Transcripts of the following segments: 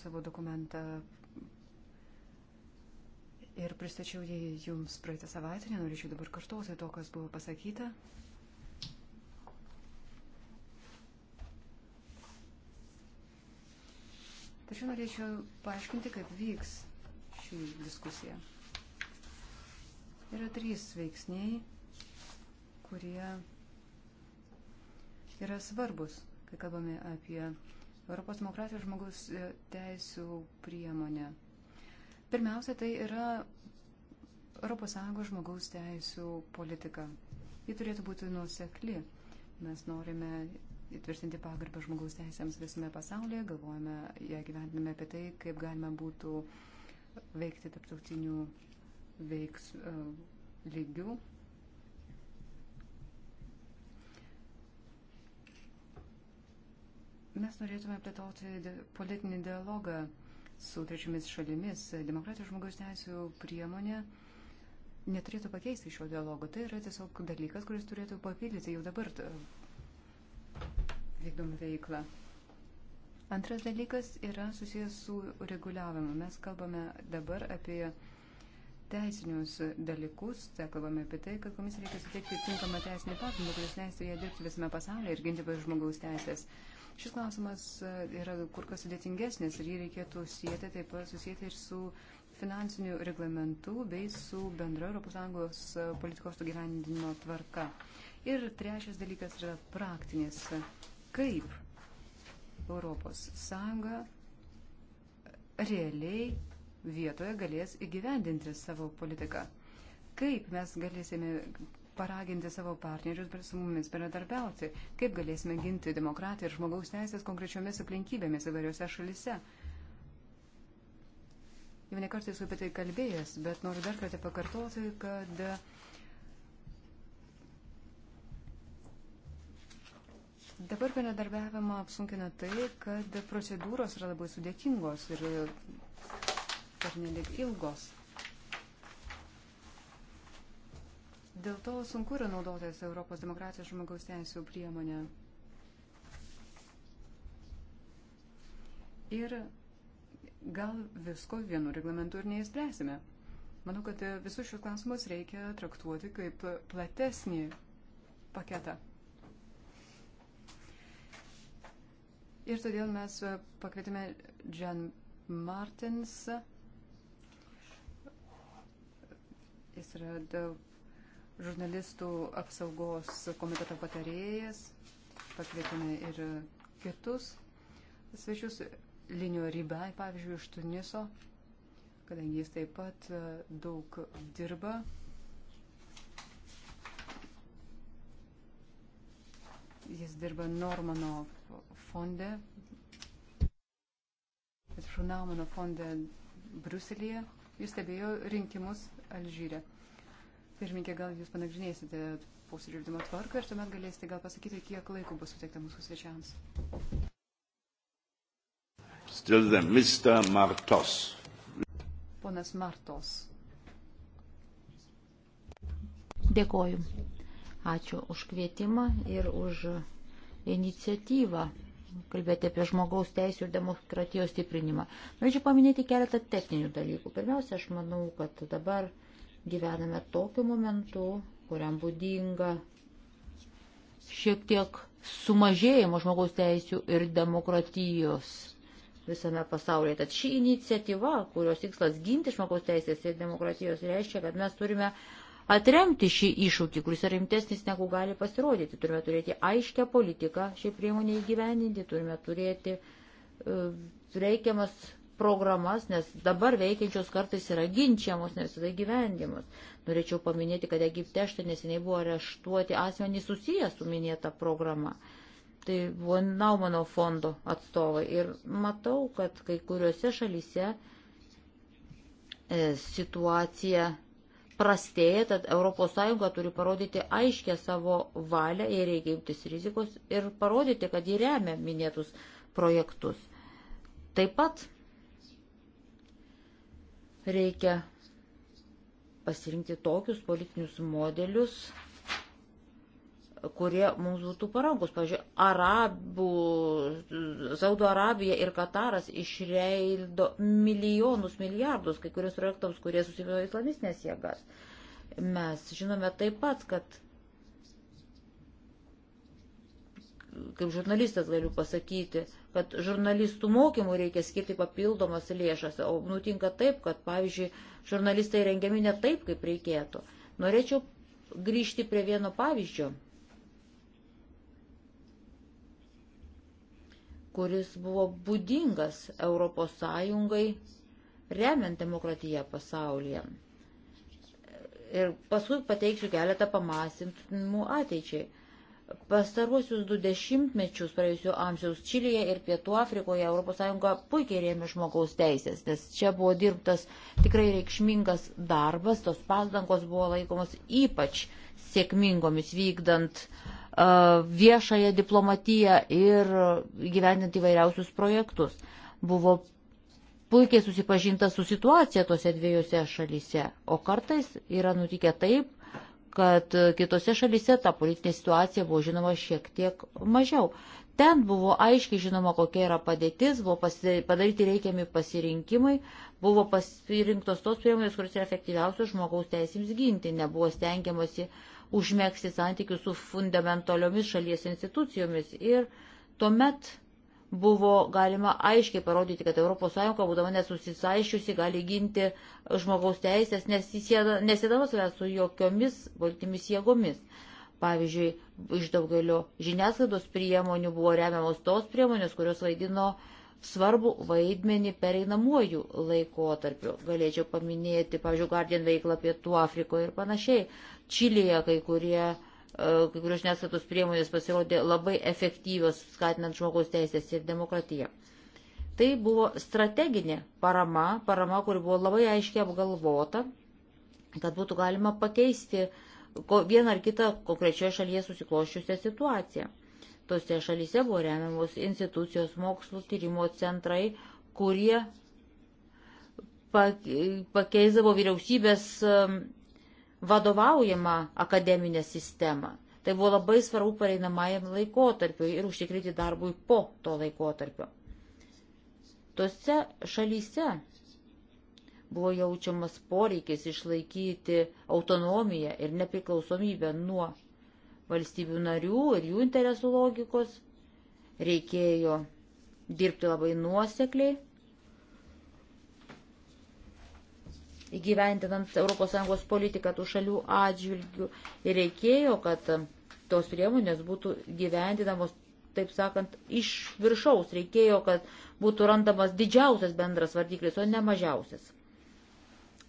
savo dokumentą ir pristačiau jį jums praeitą savaitę, nenorėčiau dabar kartuoti to, kas buvo pasakyta. Tačiau norėčiau paaiškinti, kaip vyks ši diskusija. Yra trys veiksniai, kurie yra svarbus, kai kalbame apie Europos demokratijos žmogus e, teisų priemonė. Pirmiausia, tai yra ES žmogaus teisų politika. Ji turėtų būti nuosekli. Mes norime įtvirtinti pagarbą žmogaus teisėms visame pasaulyje, galvojame, ją gyventume apie tai, kaip galima būtų veikti tarptautinių veiks e, lygių. Mes norėtume plėtoti politinį dialogą su trečiomis šalimis. Demokratijos žmogaus teisų priemonė neturėtų pakeisti šio dialogo. Tai yra tiesiog dalykas, kuris turėtų papildyti jau dabar vykdomą veiklą. Antras dalykas yra susijęs su reguliavimu. Mes kalbame dabar apie teisinius dalykus, tai kalbame apie tai, kad komisija reikia suteikti tinkamą teisinį pagrindą, kuris leistų ją dirbti visame pasaulyje ir ginti žmogaus teisės. Uh, Šis klausimas e, yra kur kas sudėtingesnis ir jį reikėtų sieti taip pat susijęti ir su finansiniu reglamentu bei su bendra ES e, politikos gyvendinimo tvarka. Ir trečias dalykas yra praktinis. Kaip ES e, realiai vietoje galės įgyvendinti savo politiką? Kaip mes galėsime paraginti savo partnerius su mumis bendradarbiauti, kaip galėsime ginti demokratiją ir žmogaus teisės konkrečiomis aplinkybėmis įvairiose šalise. Jau nekartai esu apie tai kalbėjęs, bet noriu dar kartą pakartoti, kad Dabar bendradarbiavimą apsunkina tai, kad procedūros yra labai sudėtingos ir pernelyg ilgos. Dėl to sunku yra naudotis Europos demokratijos žmogaus teisų priemonė. Ir gal visko vienu reglamentu ir neįspręsime. Manau, kad visus šios klausimus reikia traktuoti kaip platesnį paketą. Ir todėl mes pakvietėme Jan Martins. Jis yra daug žurnalistų apsaugos komiteto patarėjas, pakvietėme ir kitus svečius, Linio Ribai, pavyzdžiui, iš Tuniso, kadangi jis taip pat e, daug dirba. Jis dirba Normano fonde, atsiprašau, Naumano fonde Bruselėje. Jis stebėjo rinkimus Alžyre. Pirminkė, gal jūs panagrinėsite posėdžių vykdymo tvarką ir tuomet galėsite gal pasakyti, kiek laiko bus suteikta mūsų svečiams. Still the Mr. Martos. Ponas Martos. Dėkoju. Ačiū už kvietimą ir už iniciatyvą kalbėti apie žmogaus teisų ir demokratijos stiprinimą. Norėčiau paminėti keletą techninių dalykų. Pirmiausia, aš manau, kad dabar uh, gyvename tokiu momentu, kuriam būdinga šiek tiek sumažėjimo žmogaus teisių ir demokratijos visame pasaulyje. Tad ši iniciatyva, kurios tikslas ginti žmogaus teisės ir demokratijos, reiškia, kad mes turime atremti šį iššūkį, kuris yra rimtesnis negu gali pasirodyti. Turime turėti aiškę politiką šiai priemonė įgyveninti, turime turėti e, reikiamas programas, nes dabar veikiančios kartais yra ginčiamos, ne visada gyvendimas. Norėčiau paminėti, kad Egipte štai neseniai buvo areštuoti asmenys susijęs su minėta programa. Tai buvo Naumano fondo atstovai. Ir matau, kad kai kuriuose šalyse e, situacija prastėja, tad ES turi parodyti aiškę savo valią ir reikia imtis rizikos ir parodyti, kad jį remia minėtus projektus. Taip pat Reikia pasirinkti tokius politinius modelius, kurie mums būtų parankus. Pavyzdžiui, Arabų, Saudo Arabija ir Kataras išreido milijonus, milijardus kai kurios projektams, kurie susivėjo islamistinės jėgas. Mes žinome taip pat, kad kaip žurnalistas galiu pasakyti, kad žurnalistų mokymų reikia skirti papildomas lėšas, o nutinka taip, kad, pavyzdžiui, žurnalistai rengiami ne taip, kaip reikėtų. Norėčiau grįžti prie vieno pavyzdžio, kuris buvo būdingas Europos Sąjungai remiant demokratiją pasaulyje. Ir paskui pateiksiu keletą pamąstymų ateičiai Pastaruosius du dešimtmečius praėjusio amžiaus Čilėje ir Pietų Afrikoje ES puikiai rėmė žmogaus teisės, nes čia buvo dirbtas tikrai reikšmingas darbas, tos pasdangos buvo laikomos ypač sėkmingomis vykdant uh, viešąją diplomatiją ir gyvendant įvairiausius projektus. Buvo puikiai susipažinta su situacija tose dviejose šalyse, o kartais yra nutikę taip, kad kitose šalise ta politinė situacija buvo žinoma šiek tiek mažiau. Ten buvo aiškiai žinoma, kokia yra padėtis, buvo padaryti reikiami pasirinkimai, buvo pasirinktos tos priemonės, kuris yra efektyviausios žmogaus teisėms ginti, nebuvo stengiamasi užmėgsti santykių su fundamentaliomis šalies institucijomis. Ir tuomet buvo galima aiškiai parodyti, kad ES, būdama nesusisaiščiusi, gali ginti žmogaus teisės, nesidama savęs su jokiomis politinėmis jėgomis. Pavyzdžiui, iš daugelio žiniasklaidos priemonių buvo remiamos tos priemonės, kurios vaidino svarbu vaidmenį pereinamuoju laikotarpiu. Galėčiau paminėti, pavyzdžiui, Guardian veiklą Pietų Afrikoje ir panašiai. Čilėje kai kurie uh, E, kai kurios žiniasklaidos priemonės pasirodė labai efektyvios, skatinant žmogaus teisės ir demokratiją. Tai buvo strateginė parama, parama, kuri buvo labai aiškiai apgalvota, kad būtų galima pakeisti vieną ar kitą konkrečioje šalyje susikloščiusią situaciją. Tose šalyse buvo remiamos institucijos mokslo tyrimo centrai, kurie pakeisdavo vyriausybės vadovaujamą akademinę sistemą. Tai buvo labai svarbu pareinamajam laikotarpiu ir užtikrinti darbui po to laikotarpio. Tose šalyse buvo jaučiamas poreikis išlaikyti autonomiją ir nepriklausomybę nuo valstybių narių ir jų interesų logikos. Reikėjo dirbti labai nuosekliai įgyvendinant ES politiką tų šalių atžvilgių ir reikėjo, kad tos priemonės būtų gyvendinamos, taip sakant, iš viršaus. Reikėjo, kad būtų randamas didžiausias bendras vardiklis, o ne mažiausias.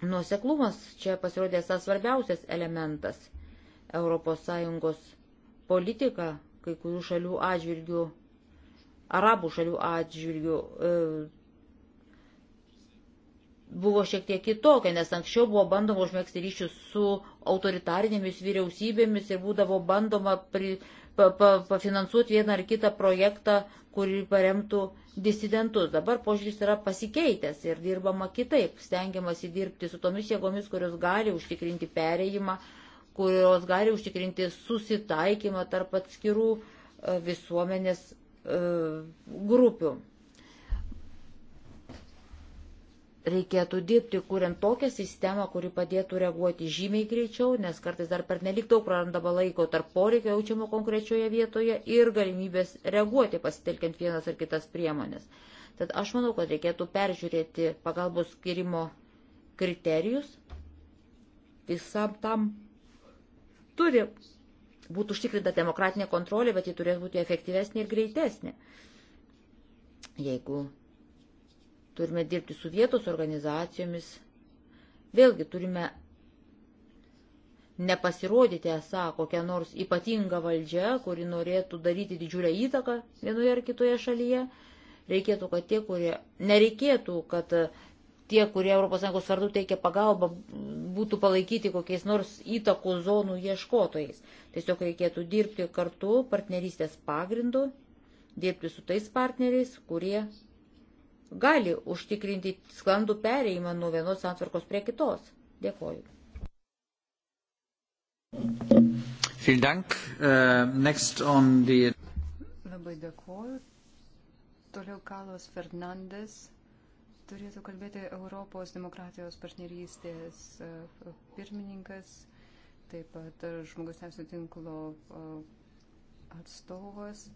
Nuoseklumas čia pasirodė esas svarbiausias elementas. ES politika kai kurių šalių atžvilgių, arabų šalių atžvilgių, e, buvo šiek tiek kitokia, nes anksčiau buvo bandoma užmėgsti ryšius su autoritarinėmis vyriausybėmis ir būdavo bandoma pri, pa, pa, pafinansuoti vieną ar kitą projektą, kurį paremtų disidentus. Dabar požiūris yra pasikeitęs ir dirbama kitaip, stengiamasi dirbti su tomis jėgomis, kurios gali užtikrinti pereimą, kurios gali užtikrinti susitaikymą tarp atskirų e, visuomenės e, grupių. reikėtų dirbti, kuriant tokią sistemą, kuri padėtų reaguoti žymiai greičiau, nes kartais dar per nelik daug prarandama laiko tarp poreikio jaučiamo konkrečioje vietoje ir galimybės reaguoti pasitelkiant vienas ar kitas priemonės. Tad aš manau, kad reikėtų peržiūrėti pagalbos skirimo kriterijus visam tam turi būti užtikrinta demokratinė kontrolė, bet ji turės būti efektyvesnė ir greitesnė. Jeigu Turime dirbti su vietos organizacijomis. Vėlgi turime nepasirodyti esą kokią nors ypatingą valdžią, kuri norėtų daryti didžiulę įtaką vienoje ar kitoje šalyje. Reikėtų, kad tie, kurie, nereikėtų, kad tie, kurie ES vardu teikia pagalbą, būtų palaikyti kokiais nors įtakų zonų ieškotojais. Tiesiog reikėtų dirbti kartu partnerystės pagrindu, dirbti su tais partneriais, kurie gali užtikrinti sklandų pereimą nuo vienos santvarkos prie kitos. Dėkoju. Äh, the... Labai dėkoju. Toliau Kalos Fernandes turėtų kalbėti Europos demokratijos partnerystės äh, pirmininkas, taip pat äh, žmogus nesutinklo atstovas.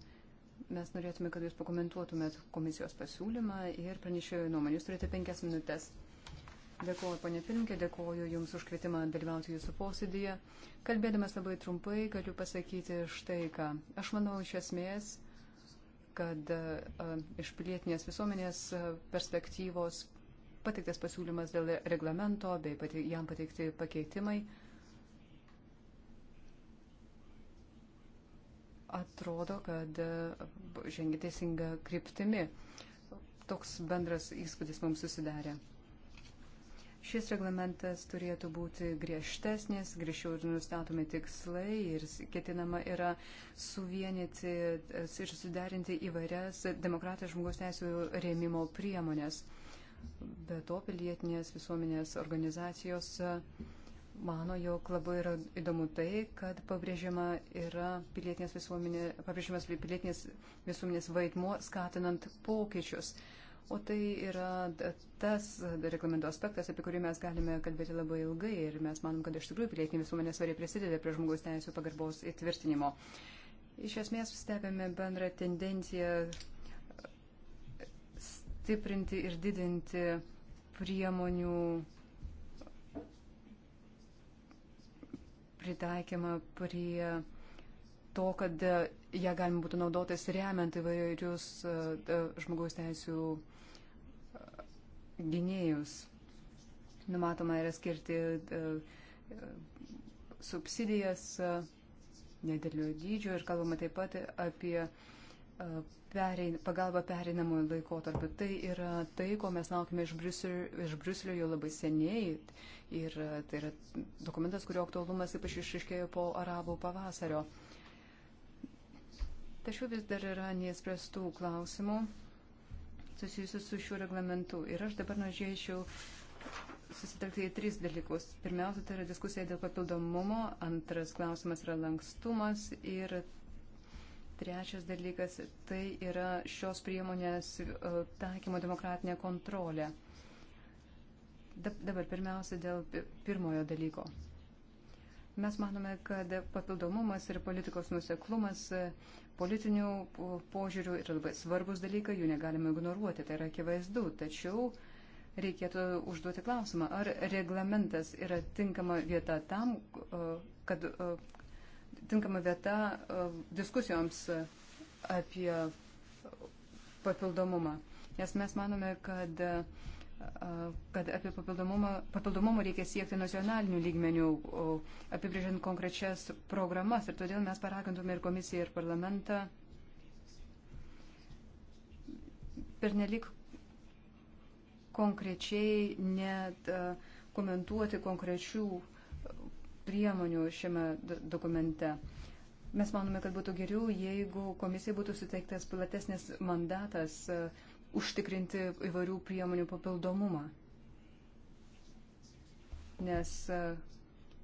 Mes norėtume, kad jūs pakomentuotumėt komisijos pasiūlymą ir pranešėjo nuomonę. Jūs turite penkias minutės. Dėkuoju, ponė Pirinkė, dėkuoju Jums už kvietimą dalyvauti Jūsų posėdėje. Kalbėdamas labai trumpai, galiu pasakyti štai ką. Aš manau iš esmės, kad a, iš pilietinės visuomenės perspektyvos pateiktas pasiūlymas dėl reglamento bei pati, jam pateikti pakeitimai a, atrodo, kad e, žengia teisinga kryptimi. Toks bendras įspūdis mums susidarė. Šis reglamentas turėtų būti griežtesnis, griežčiau ir nustatomi tikslai ir ketinama yra suvienyti e, ir suderinti įvairias demokratijos žmogaus teisų rėmimo priemonės. Be to, pilietinės visuomenės organizacijos uh, mano, jog labai yra įdomu tai, kad pabrėžiama yra pilietinės visuomenė, pabrėžiamas pilietinės visuomenės vaidmuo skatinant pokyčius. O tai yra tas reglamento aspektas, apie kurį mes galime kalbėti labai ilgai ir mes manom, kad iš tikrųjų pilietinė visuomenė svariai prisideda prie žmogaus teisų pagarbos įtvirtinimo. Iš esmės stebėme bendrą tendenciją stiprinti ir didinti priemonių pritaikymą prie to, kad ją galima būtų naudotis remiant įvairius e, e, žmogaus teisų e, gynėjus. Numatoma yra skirti subsidijas nedėlio dydžio ir kalbama taip pat apie perein, pagalba pereinamųjų laikotarpių. Tai yra tai, ko mes laukime iš Briuselio, iš Briuselio jau labai seniai. Ir e, tai yra dokumentas, kurio aktualumas ypač išiškėjo po arabų pavasario. Tačiau vis dar yra neįspręstų klausimų susijusių su šiuo reglamentu. Ir aš dabar norėčiau susitelkti į tris dalykus. Pirmiausia, tai yra diskusija dėl papildomumo, antras klausimas yra lankstumas ir Trečias dalykas - tai yra šios priemonės e, taikymo demokratinė kontrolė. Dabar pirmiausia dėl pirmojo dalyko. Mes manome, kad papildomumas ir politikos nuseklumas e, politinių požiūrių yra labai svarbus dalykai, jų negalime ignoruoti, tai yra akivaizdu. Tačiau reikėtų užduoti klausimą, ar reglamentas yra tinkama vieta tam, e, kad tinkama vieta e, diskusijoms apie papildomumą. Nes mes manome, kad, e, kad apie papildomumą, papildomumą reikia siekti nacionalinių lygmenių, apibrėžiant konkrečias programas. Ir todėl mes paragintume ir komisiją, ir parlamentą pernelik konkrečiai net e, komentuoti konkrečių priemonių šiame dokumente. Mes manome, kad būtų geriau, jeigu komisijai būtų suteiktas platesnis mandatas e, užtikrinti įvairių priemonių papildomumą. Nes e,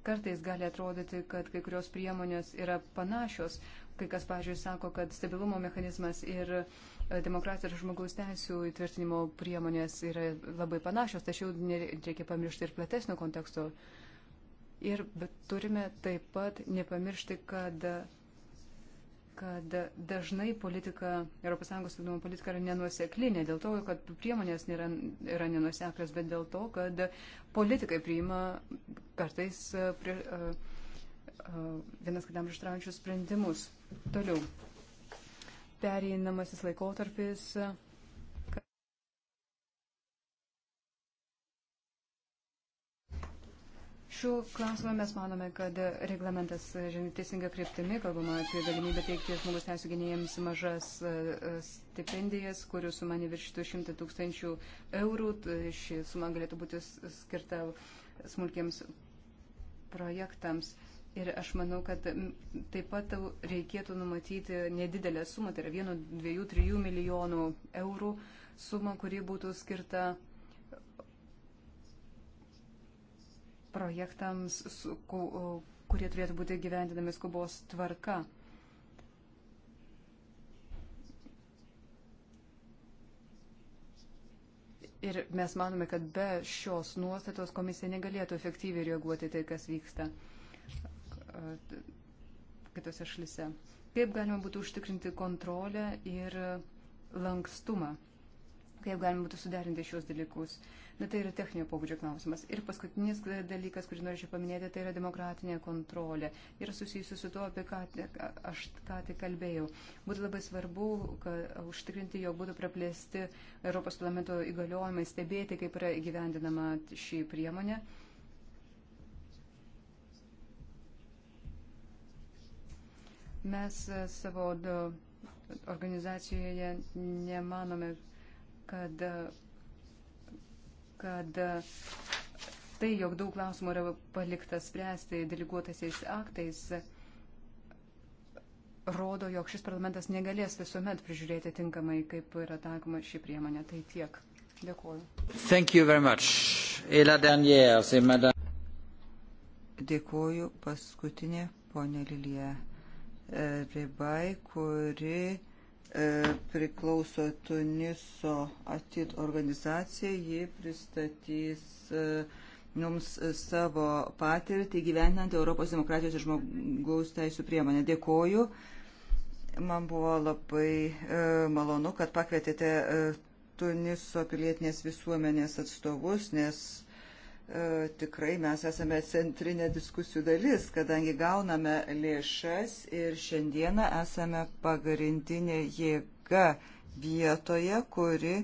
kartais gali atrodyti, kad kai kurios priemonės yra panašios. Kai kas, pažiūrėjau, sako, kad stabilumo mechanizmas ir e, demokratijos ir žmogaus teisų įtvirtinimo priemonės yra labai panašios, tačiau reikia pamiršti ir platesnio konteksto. Uh, Ir turime taip pat nepamiršti, kad, kad dažnai politika, ES vykdoma politika yra nenuosekli, ne dėl to, kad priemonės nėra, yra nenuoseklios, bet dėl to, kad politikai priima kartais e, prie, e, e, vienas kitam prieštraujančius sprendimus. Toliau. Pereinamasis laikotarpis šiuo klausimu mes manome, kad reglamentas žengia teisinga kryptimi, kalbama apie galimybę teikti žmogus teisų gynėjams mažas e, e, stipendijas, kurių suma neviršytų 100 tūkstančių eurų. Tai ši suma galėtų būti skirta smulkiems projektams. Ir aš manau, kad taip pat reikėtų numatyti nedidelę sumą, tai yra 1, 2, 3 milijonų eurų sumą, kuri būtų skirta projektams, kurie turėtų būti gyvendinami skubos tvarka. Ir mes manome, kad be šios nuostatos komisija negalėtų efektyviai reaguoti tai, kas vyksta kitose šalise. Kaip galima būtų užtikrinti kontrolę ir lankstumą? Kaip galima būtų suderinti šios dalykus? Na tai yra techninio pobūdžio klausimas. Ir paskutinis dalykas, kurį norėčiau paminėti, tai yra demokratinė kontrolė. Ir susijusiu su to, apie ką aš ką tik kalbėjau. Būtų labai svarbu kad, užtikrinti, jog būtų praplėsti Europos parlamento įgaliojimai, stebėti, kaip yra įgyvendinama šį priemonę. Mes e, savo organizacijoje nemanome, kad e, kad e, tai, jog daug klausimų yra palikta spręsti deleguotaisiais aktais, rodo, jog šis parlamentas negalės visuomet prižiūrėti tinkamai, kaip yra taikoma ši priemonė. Tai tiek. Dėkuoju. Dėkuoju paskutinė ponė Lilija e, Ribai, kuri E, priklauso Tuniso Atid organizacija, ji pristatys e, mums savo patirtį gyvenant Europos demokratijos ir žmogaus teisų priemonę. Dėkoju. Man buvo labai e, malonu, kad pakvietėte Tuniso pilietinės visuomenės atstovus, nes E, tikrai mes esame centrinė diskusijų dalis, kadangi gauname lėšas ir šiandieną esame pagrindinė jėga vietoje, kuri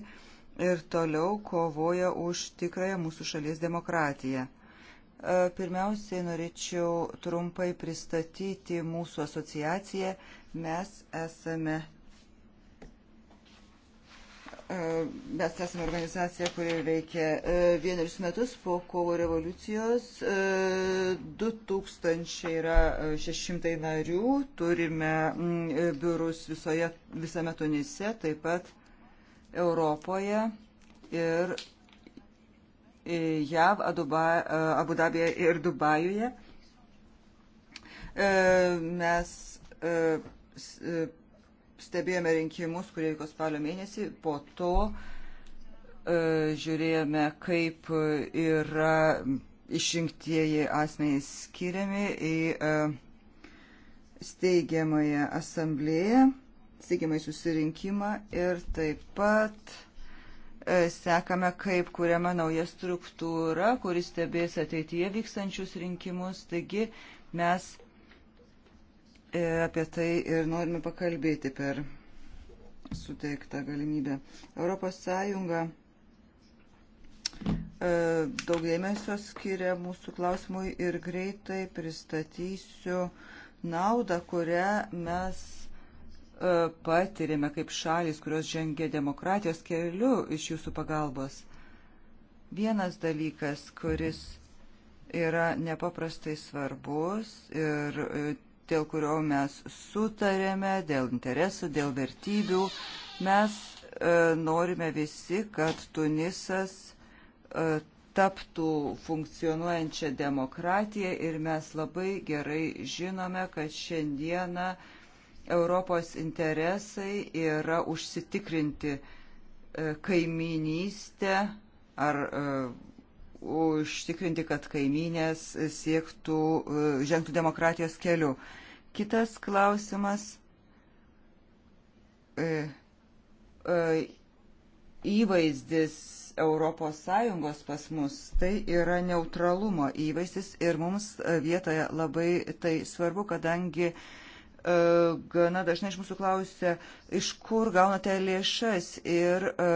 ir toliau kovoja už tikrąją mūsų šalies demokratiją. E, pirmiausiai norėčiau trumpai pristatyti mūsų asociaciją. Mes esame E, mes esame organizacija, kuri veikia e, vienerius metus po kovo revoliucijos. 2600 e, narių, turime biurus visoje, visame Tunise, taip pat Europoje ir JAV, Abu Dabėje ir Dubajuje. Mes stebėjome rinkimus, kurie vyko spalio mėnesį, po to e, žiūrėjome, kaip yra išrinktieji asmenys skiriami į e, steigiamąją asamblėją, steigiamąjį susirinkimą ir taip pat e, sekame, kaip kuriama nauja struktūra, kuris stebės ateityje vykstančius rinkimus. Taigi mes E, apie tai ir norime pakalbėti per suteiktą galimybę. Europos Sąjunga e, daug dėmesio skiria mūsų klausimui ir greitai pristatysiu naudą, kurią mes e, patirėme kaip šalis, kurios žengė demokratijos keliu iš jūsų pagalbos. Vienas dalykas, kuris yra nepaprastai svarbus ir dėl kurio mes sutarėme, dėl interesų, dėl vertybių. Mes e, norime visi, kad Tunisas e, taptų funkcionuojančią demokratiją ir mes labai gerai žinome, kad šiandieną Europos interesai yra užsitikrinti e, kaiminystę ar e, užtikrinti, kad kaiminės siektų, e, žengtų demokratijos keliu. Kitas klausimas. E, e, įvaizdis Europos Sąjungos pas mus tai yra neutralumo įvaizdis ir mums vietoje labai tai svarbu, kadangi uh, E, gana dažnai iš mūsų klausia, iš kur gaunate lėšas ir e,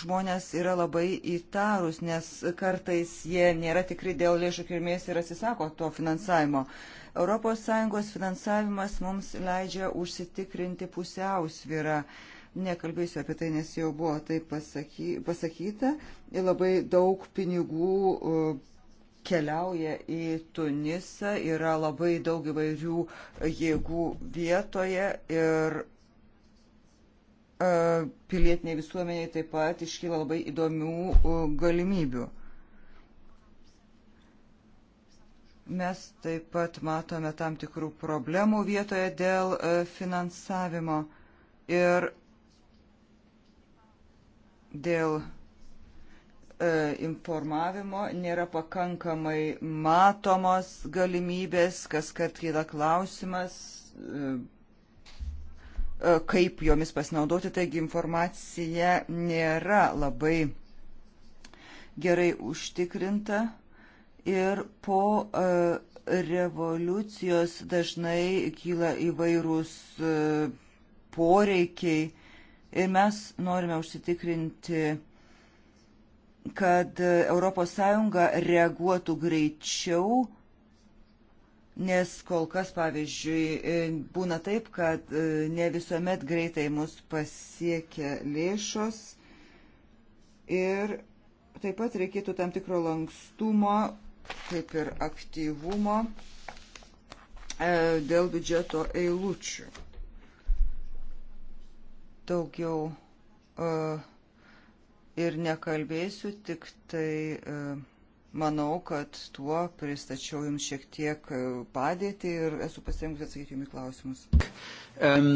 žmonės yra labai įtarus, nes kartais jie nėra tikri dėl lėšų kilmės ir atsisako to finansavimo. ES finansavimas mums leidžia užsitikrinti pusiausvyrą. Nekalbėsiu apie tai, nes jau buvo tai pasaky, pasakyta. Labai daug pinigų e, keliauja į Tunisą, yra labai daug įvairių jėgų vietoje ir e, pilietiniai visuomeniai taip pat iškyla labai įdomių e, galimybių. Mes taip pat matome tam tikrų problemų vietoje dėl e, finansavimo ir dėl E, informavimo, nėra pakankamai matomos galimybės, kas kart kyla klausimas, e, e, kaip jomis pasinaudoti, taigi informacija nėra labai gerai užtikrinta ir po revoliucijos dažnai kyla įvairūs poreikiai ir mes norime užsitikrinti kad ES reaguotų greičiau, nes kol kas, pavyzdžiui, e, būna taip, kad e, ne visuomet greitai mus pasiekia lėšos ir taip pat reikėtų tam tikro lankstumo, kaip ir aktyvumo e, dėl biudžeto eilučių. Daugiau uh, ir nekalbėsiu, tik tai e, manau, kad tuo pristačiau jums šiek tiek e, padėti ir esu pasirengusi atsakyti jums į klausimus. Um,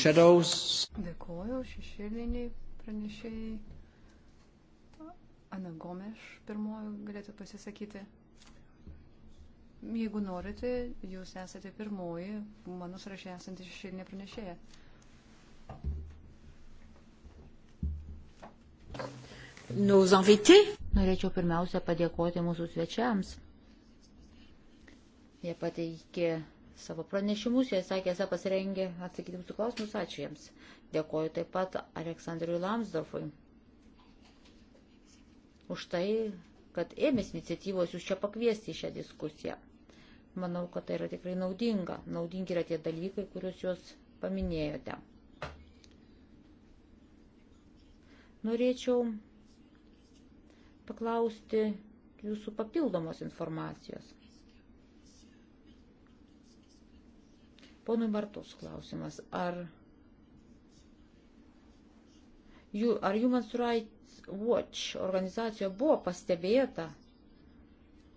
shadows... Dėkuoju šešėliniai pranešėjai. Ana Gomeš pirmoji galėtų pasisakyti. Jeigu norite, jūs esate pirmoji mano sąraše esanti šešėlinė pranešėja. Uh, nos invités. Norėčiau pirmiausia padėkoti mūsų svečiams. Jie pateikė savo pranešimus, jie sakė, esą pasirengę atsakyti mūsų klausimus, ačiū jiems. Dėkoju taip pat Aleksandrui Lamsdorfui už tai, kad ėmėsi iniciatyvos jūs čia pakviesti į šią diskusiją. Manau, kad tai yra tikrai naudinga. Naudingi yra tie dalykai, kuriuos jūs paminėjote. Norėčiau paklausti jūsų papildomos informacijos. Ponui Bartus klausimas. Ar, jų, ar Human Rights Watch organizacijoje buvo pastebėta,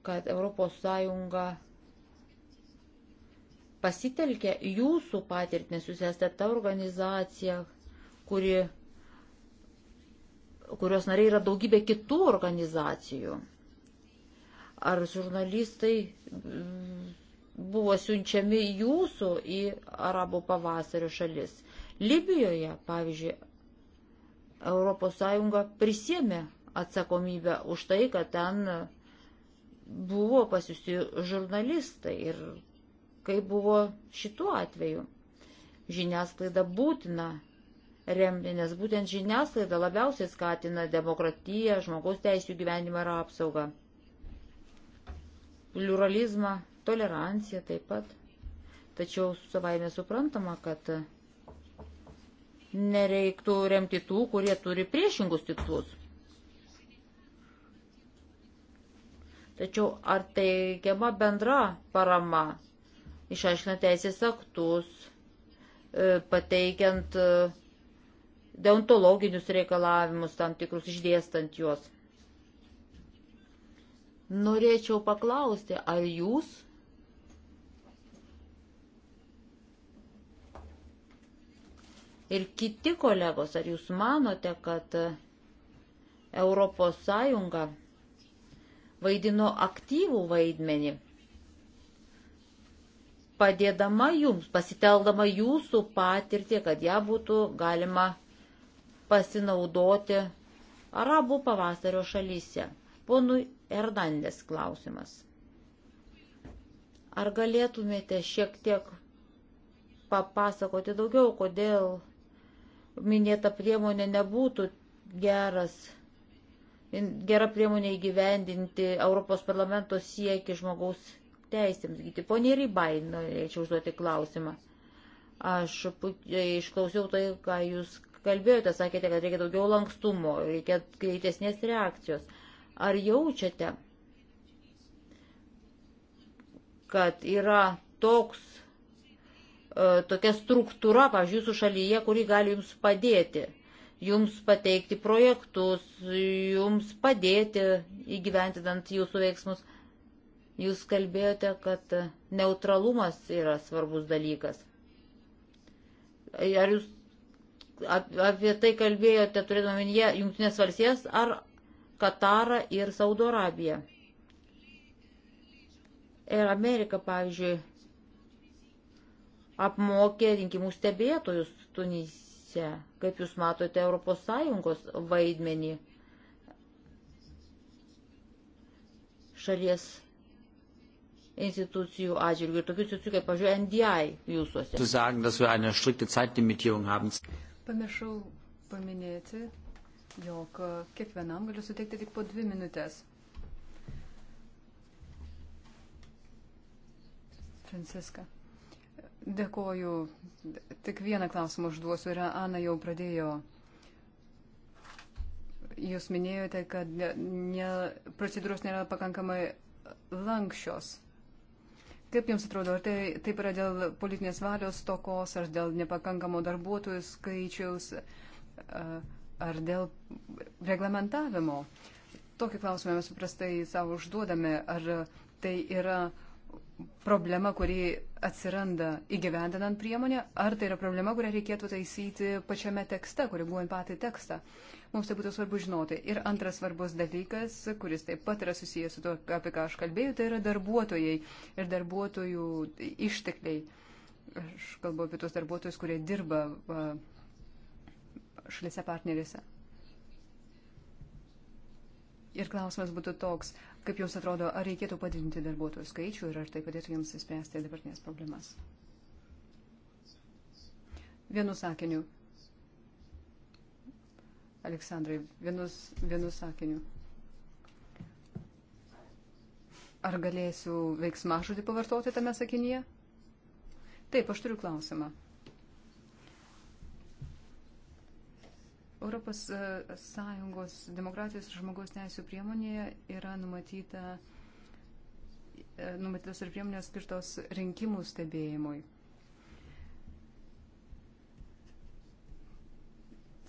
kad ES pasitelkė jūsų patirtį, nes jūs esate ta organizacija, kuri kurios nariai yra daugybė kitų organizacijų. Ar žurnalistai mm, buvo siunčiami jūsų į arabų pavasario šalis? Libijoje, pavyzdžiui, ES prisėmė atsakomybę už tai, kad ten buvo pasiusti žurnalistai ir kaip buvo šituo atveju. Žiniasklaida būtina remti, nes būtent žiniasklaida labiausiai skatina demokratiją, žmogaus teisų gyvenimą ir apsaugą. Pluralizmą, toleranciją taip pat. Tačiau savaime suprantama, kad nereiktų remti tų, kurie turi priešingus tikslus. Tačiau ar teigiama bendra parama, išaiškina teisės aktus, e, pateikiant uh, deontologinius reikalavimus tam tikrus išdėstant juos. Norėčiau paklausti, ar jūs ir kiti kolegos, ar jūs manote, kad Europos Sąjunga vaidino aktyvų vaidmenį, padėdama jums, pasiteldama jūsų patirtį, kad ją būtų galima pasinaudoti arabų pavasario šalyse. Ponui Ernandės klausimas. Ar galėtumėte šiek tiek papasakoti daugiau, kodėl minėta priemonė nebūtų geras, gera priemonė įgyvendinti Europos parlamento siekį žmogaus teisėms gyti. Pone Rybai, norėčiau užduoti klausimą. Aš išklausiau tai, ką jūs kalbėjote, sakėte, kad reikia daugiau lankstumo, reikia greitesnės reakcijos. Ar jaučiate, kad yra toks, e, tokia struktūra, pavyzdžiui, jūsų šalyje, kuri gali jums padėti, jums pateikti projektus, jums padėti įgyventinant jūsų veiksmus. Jūs kalbėjote, kad neutralumas yra svarbus dalykas. Ar jūs apie tai kalbėjote, turėdami minėję Junktinės valstijas ar Katarą ir Saudo Arabiją. Ir Amerika, pavyzdžiui, apmokė rinkimų stebėtojus Tunise. Kaip Jūs matote ES vaidmenį šalies institucijų atžvilgių ir tokių institucijų kaip, pažiūrėjau, NDI jūsuose. Pamiršau paminėti, jog kiekvienam galiu suteikti tik po dvi minutės. Franciska. Dėkoju. Tik vieną klausimą užduosiu. Ir Ana jau pradėjo. Jūs minėjote, kad ne, ne, procedūros nėra pakankamai lankščios. Kaip Jums atrodo, ar tai taip yra dėl politinės valios tokos, ar dėl nepakankamo darbuotojų skaičiaus, ar dėl reglamentavimo? Tokį klausimą mes paprastai savo užduodame, ar tai yra problema, kuri atsiranda įgyvendinant priemonę, ar tai yra problema, kurią reikėtų taisyti pačiame tekste, koreguojant patį tekstą. Uh, mums tai būtų svarbu žinoti. Ir antras svarbus dalykas, kuris taip pat yra susijęs su to, apie ką aš kalbėjau, tai yra darbuotojai ir darbuotojų ištekliai. Aš kalbu apie tos darbuotojus, kurie dirba šalise partnerėse. Ir klausimas būtų toks, kaip jums atrodo, ar reikėtų padidinti darbuotojų skaičių ir ar tai padėtų jiems spręsti dabartinės problemas. Vienu sakiniu, Aleksandrai, vienus, vienus sakiniu. Ar galėsiu veiksmažodį pavartoti tame sakinyje? Taip, aš turiu klausimą. Europos e, Sąjungos demokratijos ir žmogaus teisų priemonėje yra numatyta, e, numatytas ir priemonės skirtos rinkimų stebėjimui.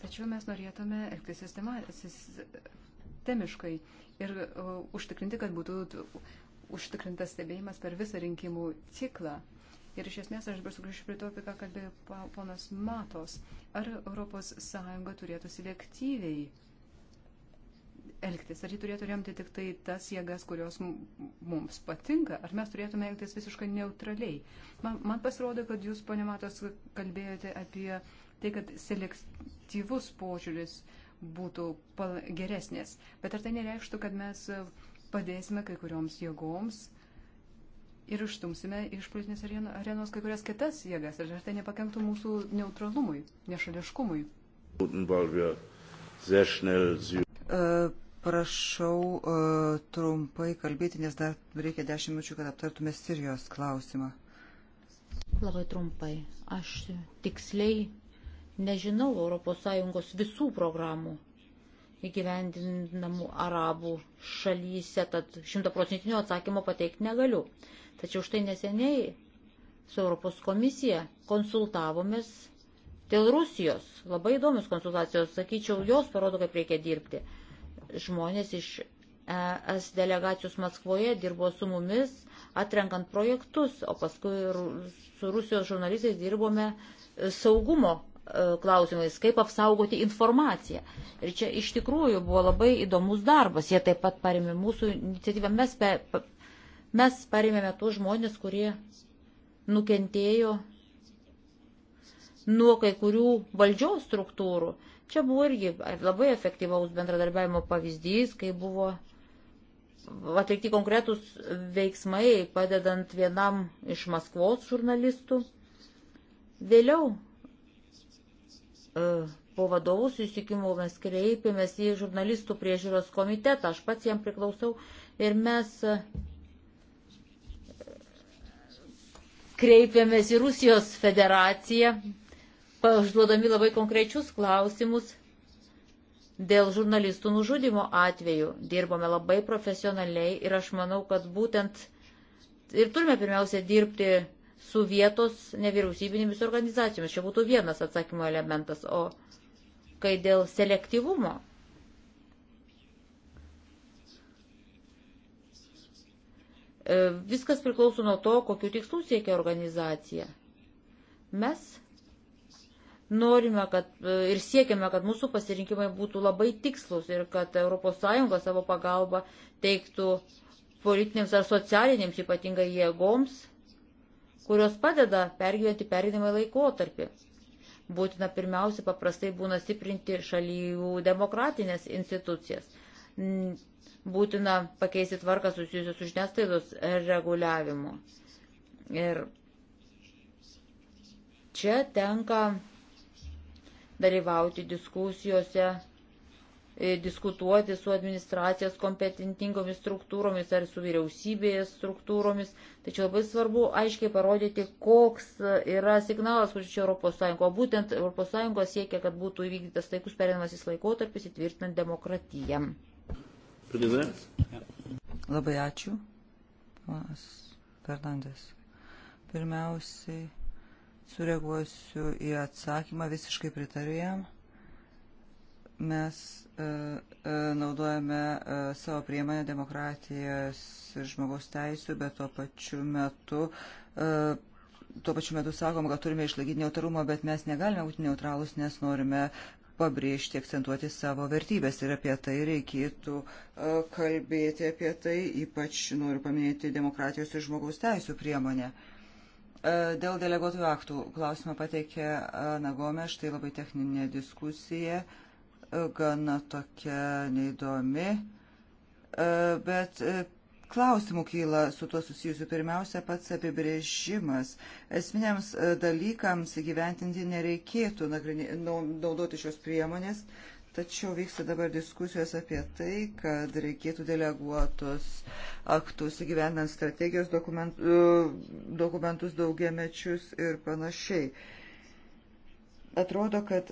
Tačiau mes norėtume elgtis sistemiškai ir uh, užtikrinti, kad būtų užtikrintas stebėjimas per visą rinkimų ciklą. Ir iš esmės aš dabar sugrįšiu prie to, apie ką kalbėjo ponas Matos. Ar ES turėtų selektyviai elgtis? Ar ji turėtų remti tik tai tas jėgas, kurios mums patinka? Ar mes turėtume elgtis visiškai neutraliai? Man, man pasirodo, kad jūs, ponė Matos, kalbėjote apie tai, kad selektyvus požiūris būtų geresnės. Bet ar tai nereikštų, kad mes padėsime kai kurioms jėgoms ir išstumsime iš politinės arenos kai kurias kitas jėgas? Ar tai nepakenktų mūsų neutralumui, nešališkumui? E, prašau e, trumpai kalbėti, nes dar reikia dešimt minučių, kad aptartume Sirijos klausimą. Labai trumpai. Aš tiksliai Nežinau ES visų programų įgyvendinamų arabų šalyse, tad šimtaprocentinio atsakymo pateikti negaliu. Tačiau štai neseniai su Europos komisija konsultavomės dėl Rusijos. Labai įdomios konsultacijos, sakyčiau, jos parodo, kaip reikia dirbti. Žmonės iš ES delegacijos Maskvoje dirbo su mumis, atrenkant projektus, o paskui su Rusijos žurnalistais dirbome saugumo E, klausimais, kaip apsaugoti informaciją. Ir čia iš tikrųjų buvo labai įdomus darbas. Jie taip pat parėmė mūsų iniciatyvą. Mes, pe, pa, mes parėmėme tuos žmonės, kurie nukentėjo nuo kai kurių valdžios struktūrų. Čia buvo irgi labai efektyvaus bendradarbiavimo pavyzdys, kai buvo atlikti konkretus veiksmai, padedant vienam iš Maskvos žurnalistų. Vėliau E, po vadovų susitikimų mes kreipėmės į žurnalistų priežiūros komitetą, aš pats jam priklausau ir mes e, kreipėmės į Rusijos federaciją, užduodami labai konkrečius klausimus dėl žurnalistų nužudimo atveju. Dirbome labai profesionaliai ir aš manau, kad būtent ir turime pirmiausia dirbti su vietos nevyriausybinėmis organizacijomis. Čia būtų vienas atsakymo elementas. O kai dėl selektyvumo. E, viskas priklauso nuo to, kokiu tikslu siekia organizacija. Mes norime kad, e, ir siekiame, kad mūsų pasirinkimai būtų labai tikslus ir kad ES savo pagalbą teiktų politinėms ar socialinėms ypatingai jėgoms kurios padeda pergyventi pereinamą laikotarpį. Būtina pirmiausia paprastai būna stiprinti šalių demokratinės institucijas. Būtina pakeisti tvarką susijusius su žiniasklaidos reguliavimu. Ir čia tenka dalyvauti diskusijose E, diskutuoti su administracijos kompetentingomis struktūromis ar su vyriausybės struktūromis. Tačiau labai svarbu aiškiai parodyti, koks yra signalas, kuris čia ES, o būtent ES siekia, kad būtų įvykdytas taikus perinamasis laikotarpis įtvirtinant demokratiją. Labai ačiū. Mas Fernandes. Pirmiausiai sureaguosiu į atsakymą, visiškai pritariu jam. Mes e, e, naudojame e, savo priemonę demokratijos ir žmogaus teisų, bet tuo pačiu metu tuo pačiu metu sakom, kad turime išlaikyti neutralumą, bet mes negalime būti neutralus, nes norime pabrėžti, akcentuoti savo vertybės ir apie tai reikėtų kalbėti, apie tai ypač noriu paminėti demokratijos ir žmogaus teisų priemonę. Dėl deleguotų aktų klausimą pateikė Nagome, štai labai techninė diskusija gana tokia neįdomi, e, bet e, klausimų kyla su tuo susijusiu. Pirmiausia, pats apibrėžimas. Esminiams e, dalykams įgyventinti nereikėtų nu, naudoti šios priemonės, tačiau vyksta dabar diskusijos apie tai, kad reikėtų deleguotus aktus įgyventant strategijos dokument, dokumentus daugiamečius ir panašiai. Atrodo, kad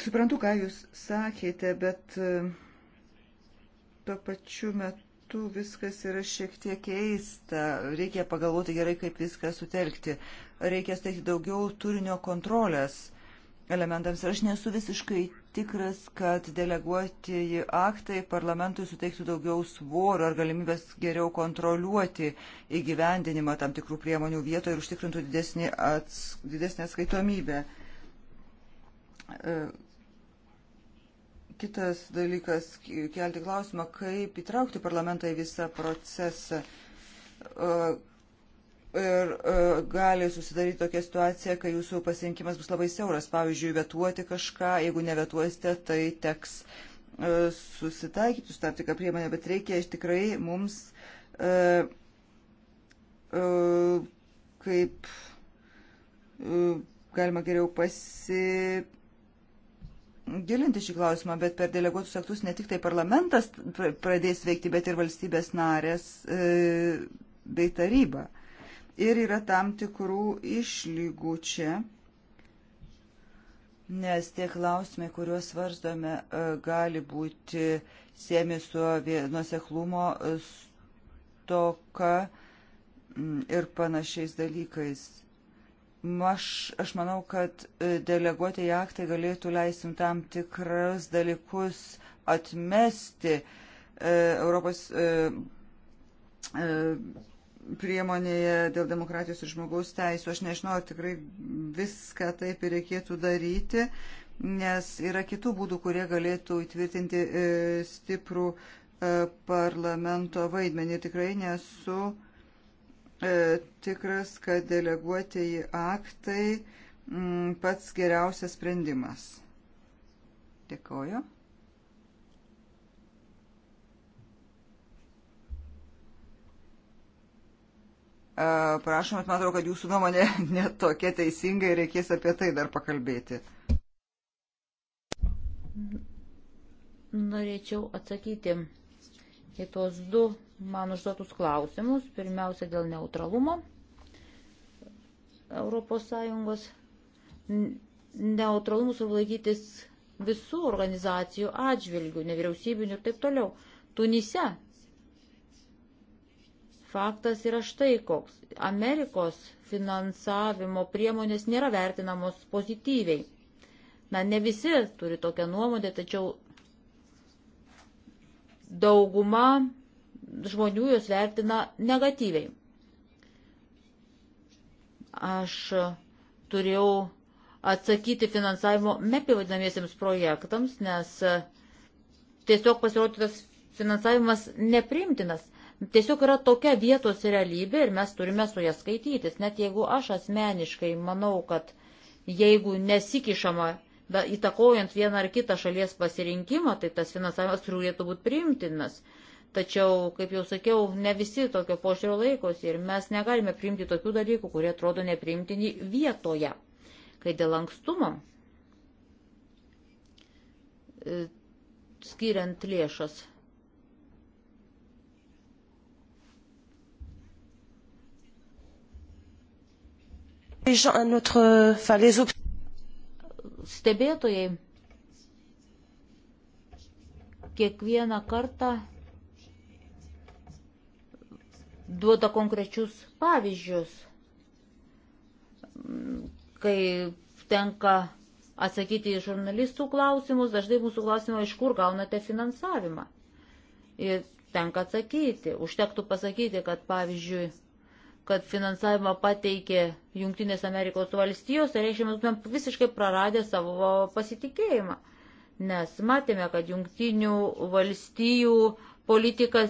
Suprantu, ką Jūs sakėte, bet e, tuo pačiu metu viskas yra šiek tiek keista. Reikia pagalvoti gerai, kaip viską sutelkti. Reikia statyti daugiau turinio kontrolės elementams. Ir aš nesu visiškai tikras, kad deleguotieji aktai parlamentui suteiktų daugiau svorio ar galimybės geriau kontroliuoti įgyvendinimą tam tikrų priemonių vietoje ir užtikrintų didesnį ats, didesnį atskaitomybę. Ats E, kitas dalykas - kelti klausimą, kaip įtraukti parlamentą į visą procesą. E, ir e, gali susidaryti tokia situacija, kai jūsų pasirinkimas bus labai siauras. Pavyzdžiui, vetuoti kažką, jeigu nevetuosite, tai teks susitaikyti su tam tikrą priemonę, bet reikia tikrai mums kaip galima geriau pasi gilinti šį klausimą, bet per deleguotus aktus ne tik tai parlamentas pradės veikti, bet ir valstybės narės e, bei taryba. Ir yra tam tikrų išlygų čia, nes tie klausimai, kuriuos svarstome, e, gali būti siemi su nuoseklumo e, stoka ir panašiais dalykais Nu, aš, aš manau, kad e, deleguoti į aktai galėtų leisim tam tikras dalykus atmesti e, Europos e, e, priemonėje dėl demokratijos ir žmogaus teisų. Aš nežinau, ar tikrai viską taip ir reikėtų daryti, nes yra kitų būdų, kurie galėtų įtvirtinti e, stiprų e, parlamento vaidmenį. Tikrai nesu. E, E, tikras, kad deleguotieji aktai m, mm, pats geriausias sprendimas. Dėkoju. E, prašom, bet matau, kad jūsų nuomonė netokia teisinga ir reikės apie tai dar pakalbėti. Norėčiau atsakyti į tuos du man užduotus klausimus. Pirmiausia, dėl neutralumo ES. Neutralumus ir laikytis visų organizacijų atžvilgių, nevyriausybinių ir taip toliau. Tunise faktas yra štai koks. Amerikos finansavimo priemonės nėra vertinamos pozityviai. Na, ne visi turi tokią nuomonę, tačiau dauguma žmonių juos vertina negatyviai. Aš turėjau atsakyti finansavimo MEPI vadinamiesiems projektams, nes tiesiog pasirodytas finansavimas neprimtinas. Tiesiog yra tokia vietos realybė ir mes turime su ją skaitytis. Net jeigu aš asmeniškai manau, kad jeigu nesikišama be, įtakojant vieną ar kitą šalies pasirinkimą, tai tas finansavimas turėtų būti priimtinas. Tačiau, kaip jau sakiau, ne visi tokio požiūrio laikosi ir mes negalime priimti tokių dalykų, kurie atrodo nepriimtini vietoje. Kai dėl ankstumo, e, skiriant lėšas, les gens, notre, enfin, les options stebėtojai kiekvieną kartą duoda konkrečius pavyzdžius, kai tenka atsakyti į žurnalistų klausimus, dažnai mūsų klausimą, iš kur gaunate finansavimą. Ir tenka atsakyti. Užtektų pasakyti, kad pavyzdžiui, kad finansavimą pateikė Junktinės Amerikos valstijos, tai reiškia, mes būtumėm visiškai praradę savo pasitikėjimą. Nes matėme, kad Junktinių valstijų politika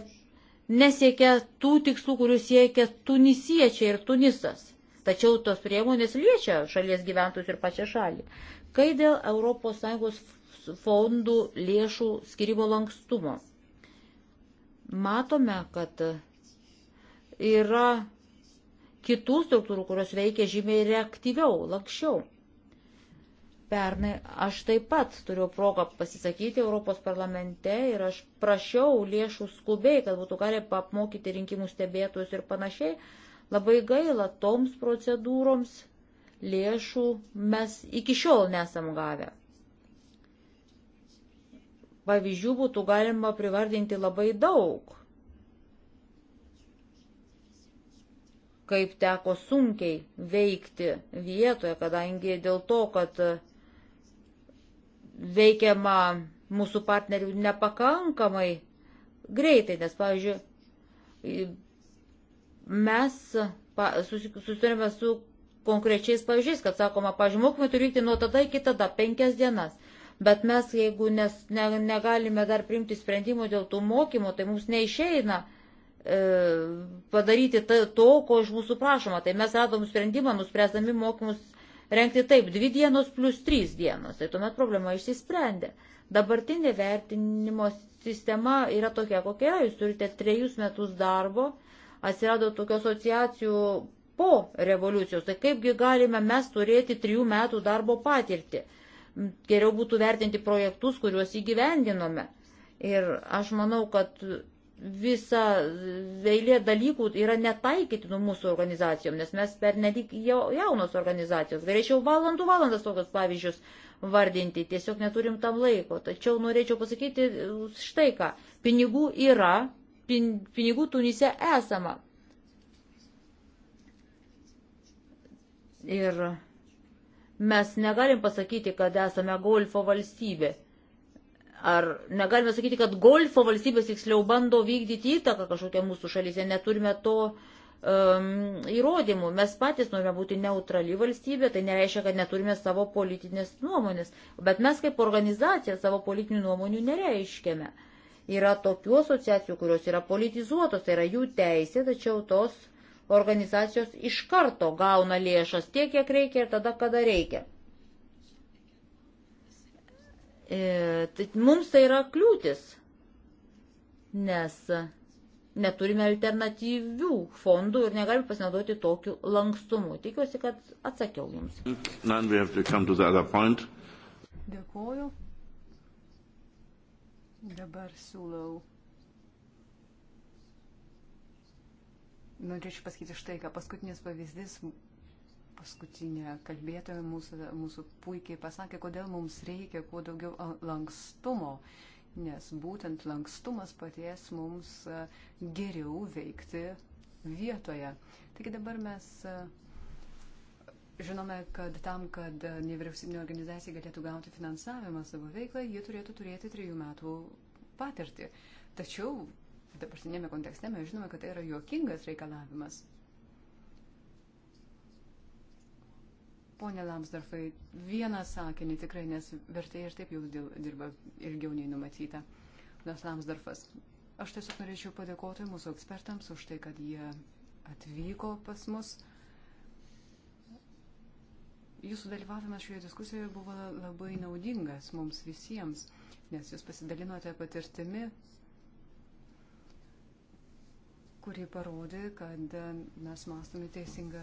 nesiekia tų tikslų, kurių siekia tunisiečiai ir tunisas. Tačiau tos priemonės liečia šalies gyventojus ir pačią šalį. Kai dėl ES fondų lėšų skirimo lankstumo. Matome, kad yra kitų struktūrų, kurios veikia žymiai reaktyviau, lakščiau. Pernai aš taip pat turiu progą pasisakyti Europos parlamente ir aš prašiau lėšų skubiai, kad būtų galima apmokyti rinkimų stebėtojus ir panašiai. Labai gaila, toms procedūroms lėšų mes iki šiol nesam gavę. Pavyzdžių būtų galima privardinti labai daug kaip teko sunkiai veikti vietoje, kadangi dėl to, kad veikiama mūsų partnerių nepakankamai greitai, nes, pavyzdžiui, mes susidurime su konkrečiais pavyzdžiais, kad sakoma, pažymokime turi vykti nuo tada iki tada, penkias dienas. Bet mes, jeigu nes, ne, negalime dar priimti sprendimų dėl tų mokymų, tai mums neišeina E, padaryti to, ko iš mūsų prašoma. Tai mes radom sprendimą, nuspręsdami mokymus renkti taip, dvi dienos plus trys dienos. Tai tuomet problema išsisprendė. Dabartinė vertinimo sistema yra tokia, kokia yra. Jūs turite trejus metus darbo, atsirado tokių asociacijų po revoliucijos. Tai kaipgi galime mes turėti trijų metų darbo patirtį. Geriau būtų vertinti projektus, kuriuos įgyvendinome. Ir aš manau, kad visa veilė dalykų yra netaikytinų mūsų organizacijom, nes mes per nedik jaunos organizacijos. Galėčiau valandų valandas tokius pavyzdžius vardinti, tiesiog neturim tam laiko. Tačiau norėčiau pasakyti štai ką. Pinigų yra, pin, pinigų Tunise esama. Ir mes negalim pasakyti, kad esame golfo valstybė. Ar negalime sakyti, kad golfo valstybės tiksliau bando vykdyti įtaką kažkokią mūsų šalyse, neturime to um, įrodymų. Mes patys norime būti neutrali valstybė, tai nereiškia, kad neturime savo politinės nuomonės. Bet mes kaip organizacija savo politinių nuomonių nereiškiame. Yra tokių asociacijų, kurios yra politizuotos, tai yra jų teisė, tačiau tos organizacijos iš karto gauna lėšas tiek, kiek reikia ir tada, kada reikia. E, tai mums tai yra kliūtis, nes neturime alternatyvių fondų ir negalime pasinaudoti tokiu lankstumu. Tikiuosi, kad atsakiau Jums. Dėkuoju. Dabar siūlau. Norėčiau pasakyti štai, ką paskutinis pavyzdys paskutinė kalbėtoja mūsų, mūsų puikiai pasakė, kodėl mums reikia kuo daugiau lankstumo, nes būtent lankstumas paties mums geriau veikti vietoje. Taigi dabar mes žinome, kad tam, kad nevyriausybinė organizacija galėtų gauti finansavimą savo veiklą, ji turėtų turėti trijų metų patirtį. Tačiau dabartinėme kontekste mes žinome, kad tai yra juokingas reikalavimas. Pone Lamsdorfai, vieną sakinį tikrai, nes vertai ir taip jau dirba ilgiau nei numatyta. Nes Lamsdorfas, aš tiesiog norėčiau padėkoti mūsų ekspertams už tai, kad jie atvyko pas mus. Jūsų dalyvavimas šioje diskusijoje buvo labai naudingas mums visiems, nes jūs pasidalinote patirtimi, kuri parodė, kad mes mąstome teisingą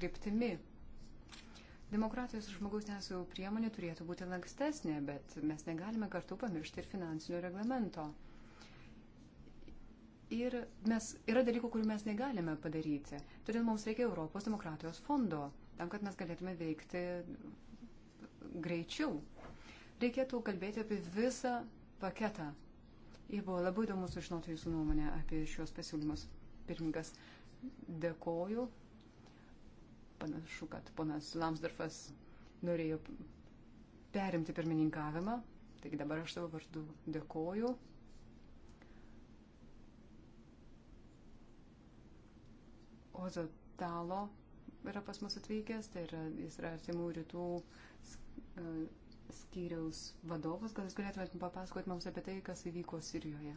kryptimi. Demokratijos žmogaus teisų priemonė turėtų būti lankstesnė, bet mes negalime kartu pamiršti ir finansinio reglamento. Ir mes, yra dalykų, kurių mes negalime padaryti. Todėl mums reikia Europos demokratijos fondo, tam, kad mes galėtume veikti greičiau. Reikėtų kalbėti apie visą paketą. Ir buvo labai įdomu sužinoti jūsų nuomonę apie šios pasiūlymus. Pirmininkas, dėkoju. Panašu, kad ponas Lamsdorfas norėjo perimti pirmininkavimą. Taigi dabar aš savo vardu dėkoju. Ozo Talo yra pas mus atvykęs, tai yra, jis yra artimų rytų e, skyriaus vadovas. Gal jūs galėtumėte papasakoti mums apie tai, kas įvyko Sirijoje?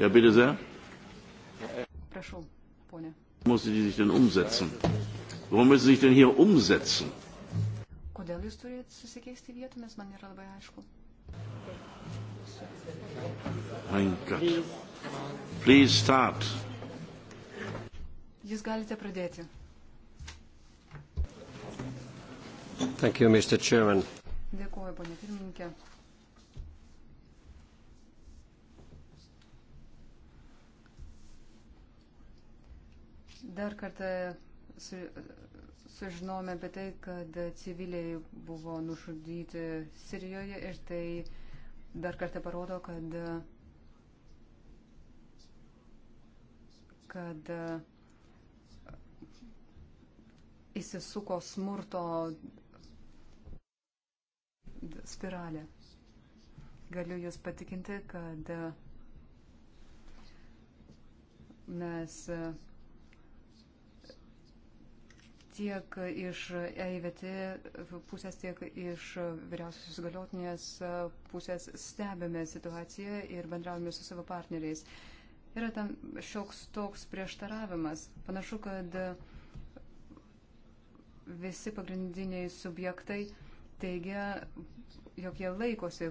Ja, bitte sehr. Prašau ponė. Kodėl jūs turite susikeisti vietomis, man yra labai aišku. Mein Gott. Please start. Jūs galite pradėti. Thank you, Mr. Chairman. Dėkuoju, ponė pirmininkė. Dar kartą su, sužinome apie tai, kad civiliai buvo nužudyti Sirijoje ir tai dar kartą parodo, kad, kad įsisuko smurto spiralė. Galiu Jūs patikinti, kad mes uh, tiek iš EIVT pusės, tiek iš vyriausios galiotinės pusės stebime situaciją ir bendraujame su savo partneriais. Yra tam šioks toks prieštaravimas. Panašu, kad visi pagrindiniai subjektai teigia, jog jie laikosi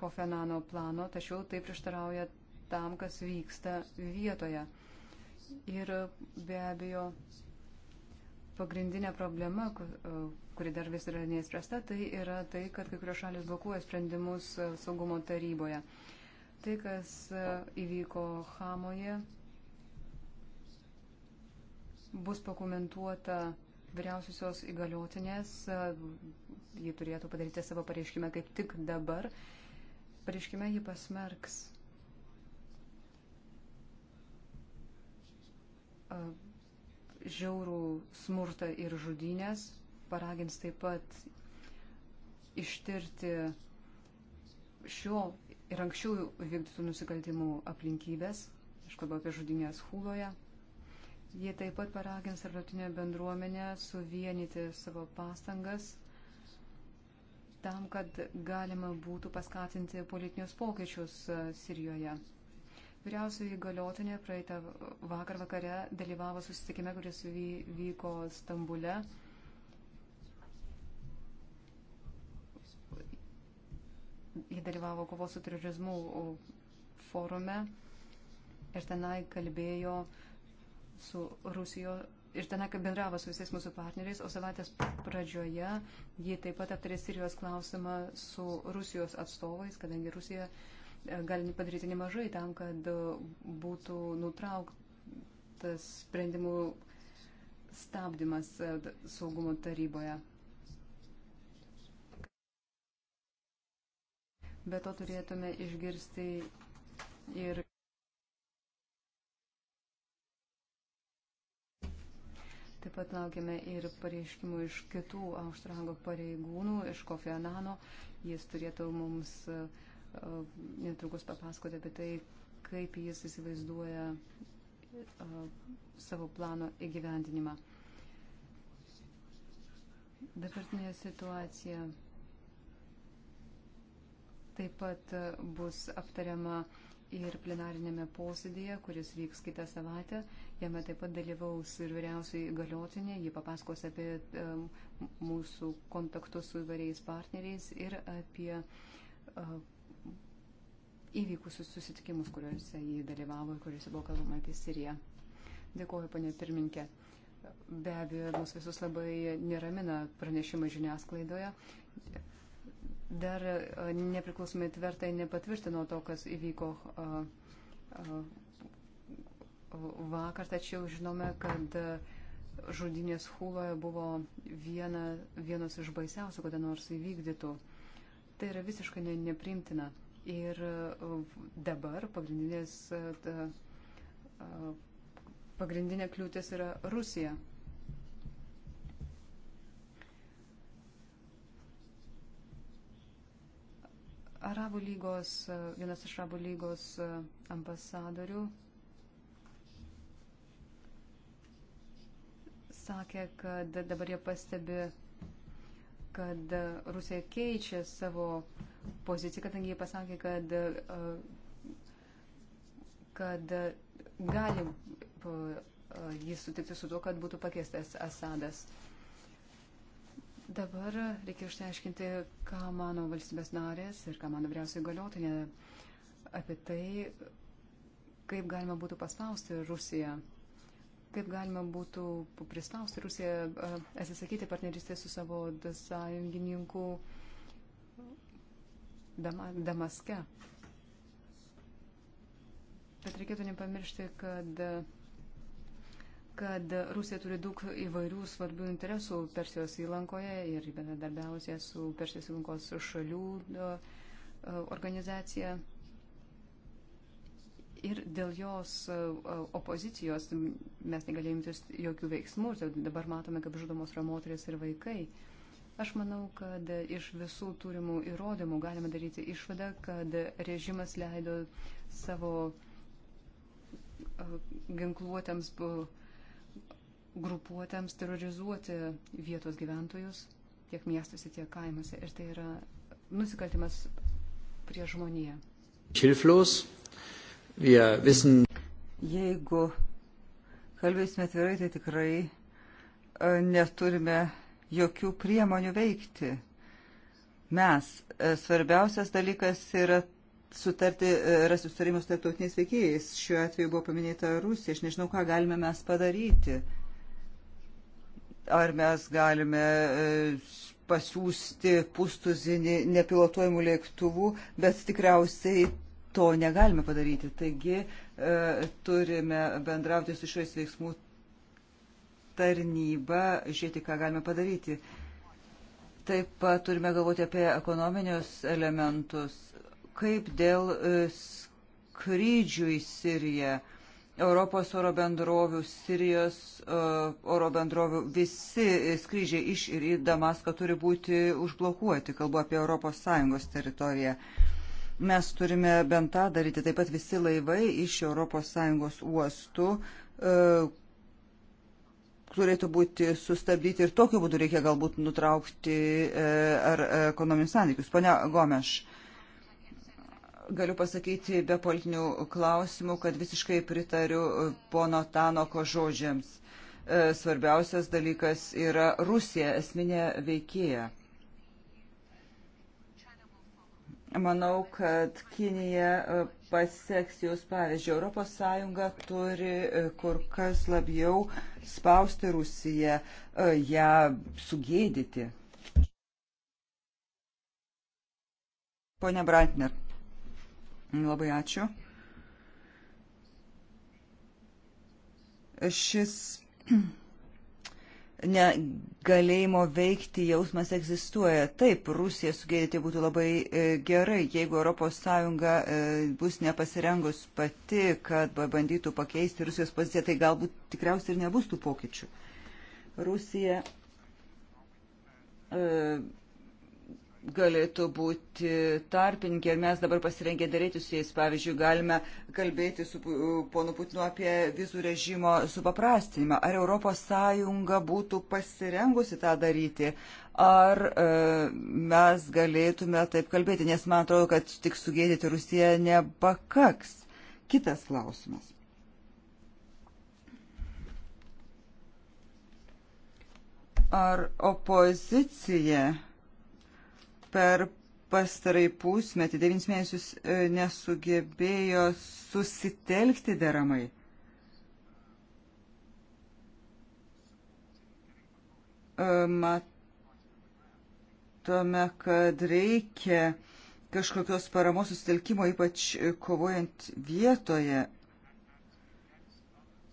kofenano plano, tačiau tai prieštarauja tam, kas vyksta vietoje. Ir be abejo, pagrindinė problema, e, kuri dar vis yra neįspręsta, tai yra tai, kad kai kurios šalis blokuoja sprendimus e, saugumo taryboje. Tai, kas e, įvyko Hamoje, bus pakomentuota vyriausiosios įgaliotinės, ji turėtų padaryti savo pareiškimą kaip tik dabar. Pareiškime ji pasmerks žiaurų smurtą ir žudynės, paragins taip pat ištirti šio ir anksčiau vykdytų nusikaltimų aplinkybės, aš kalbu apie žudynės Huloje. Jie taip pat paragins tarptautinę bendruomenę suvienyti savo pastangas tam, kad galima būtų paskatinti politinius pokyčius e, Sirijoje. Vyriausioji galiotinė praeitą vakar vakare dalyvavo susitikime, kuris vyko Stambule. Jie dalyvavo kovos su terorizmu forume ir tenai kalbėjo su Rusijos ir ten bendravo su visais mūsų partneriais, o savaitės pradžioje ji taip pat aptarė Sirijos klausimą su Rusijos atstovais, kadangi Rusija uh, galime padaryti nemažai tam, kad būtų nutrauktas sprendimų stabdymas e, saugumo taryboje. Be to turėtume išgirsti ir. Taip pat laukiame ir pareiškimų iš kitų aukštrango pareigūnų, iš Kofi Anano. Jis turėtų mums uh, E, netrukus papasakoti apie tai, kaip jis įsivaizduoja e, savo plano įgyvendinimą. Dabartinė situacija taip pat e, bus aptariama ir plenarinėme posėdėje, kuris vyks kitą savaitę. Jame taip pat dalyvaus ir vyriausiai galiotinė, ji papasakos apie mūsų kontaktus su įvairiais partneriais ir apie įvykusius susitikimus, kuriuose jį dalyvavo ir kuriuose buvo kalbama apie Siriją. Dėkuoju, ponė pirminkė. Be abejo, mus visus labai neramina pranešimai žiniasklaidoje. Dar e, nepriklausomai tvirtai nepatvirtino to, kas įvyko e, e, vakar, tačiau žinome, kad žudinės Huloje buvo viena, vienos iš baisiausių, kada nors įvykdytų. Tai yra visiškai ne, neprimtina. Ne Ir e, dabar pagrindinės, e, ta, e, pagrindinė kliūtis yra Rusija. Arabų lygos, vienas iš Arabų lygos ambasadorių sakė, kad dabar jie pastebi, kad Rusija keičia savo uh, poziciją, kadangi jie pasakė, kad, e, kad e, gali e, jis sutikti su tuo, kad būtų pakestas Asadas. Dabar reikia išsiaiškinti, ką mano valstybės narės ir ką mano vyriausiai galiotinė apie tai, kaip galima būtų paspausti Rusiją, kaip galima būtų prispausti Rusiją atsisakyti partnerystės su savo sąjungininku uh, Damaske. Bet reikėtų nepamiršti, kad, kad Rusija turi daug įvairių svarbių interesų Persijos įlankoje ir bendradarbiausia su Persijos įlankos šalių e, e, organizacija. Ir dėl jos e, opozicijos mes negalėjom imtis jokių veiksmų. Dabar matome, kaip žudomos yra moteris ir vaikai. Uh, Aš manau, kad iš visų turimų įrodymų galima daryti išvadą, kad režimas leido savo ginkluotėms grupuotėms terrorizuoti vietos gyventojus tiek miestuose, tiek kaimuose. Ir tai yra nusikaltimas prie žmoniją. Hilflos. Wir wissen. Jeigu kalbėsime atvirai, tai tikrai neturime jokių priemonių veikti. Mes. E, svarbiausias dalykas yra sutarti, e, rasti sutarimus tarptautiniais veikėjais. Šiuo atveju buvo paminėta Rusija. Aš nežinau, ką galime mes padaryti. Ar mes galime e, pasiūsti pustuzinį nepilotuojamų lėktuvų, bet tikriausiai to negalime padaryti. Taigi e, turime bendrauti su išorės veiksmų tarnybą žiūrėti, ką galime padaryti. Taip pat turime galvoti apie ekonominius elementus. Kaip dėl e, skrydžių į Siriją? Europos oro bendrovių, Sirijos e, oro bendrovių, visi skrydžiai iš ir į Damaską turi būti užblokuoti, kalbu apie ES teritoriją. Mes turime bent tą daryti, taip pat visi laivai iš ES uostų, e, turėtų būti sustabdyti ir tokiu būdu reikia galbūt nutraukti e, ar e, ekonominius santykius. Pone Gomeš, galiu pasakyti be politinių klausimų, kad visiškai pritariu e, pono Tanoko žodžiams. Svarbiausias dalykas yra Rusija, esminė veikėja. Manau, kad Kinija paseks jūs pavyzdžių. Europos Sąjunga turi e, kur kas labiau spausti Rusiją, e, ją sugėdyti. Pone Brantner, labai ačiū. Šis negalėjimo veikti jausmas egzistuoja. Taip, Rusija sugėdyti būtų labai e, gerai, jeigu ES e, bus nepasirengus pati, kad bandytų pakeisti Rusijos poziciją, tai galbūt tikriausiai ir nebus tų pokyčių. Rusija e, galėtų būti tarpininkė ir mes dabar pasirengę daryti su jais. Pavyzdžiui, galime kalbėti su ponu Putinu apie vizų režimo supaprastinimą. Ar ES būtų pasirengusi tą daryti? Ar e, mes galėtume taip kalbėti? Nes man atrodo, kad tik sugėdyti Rusiją nebakaks. Kitas klausimas. Ar opozicija per pastarai pusmetį, devynis mėnesius e, nesugebėjo susitelkti deramai. E, matome, kad reikia kažkokios paramos susitelkimo, ypač e, kovojant vietoje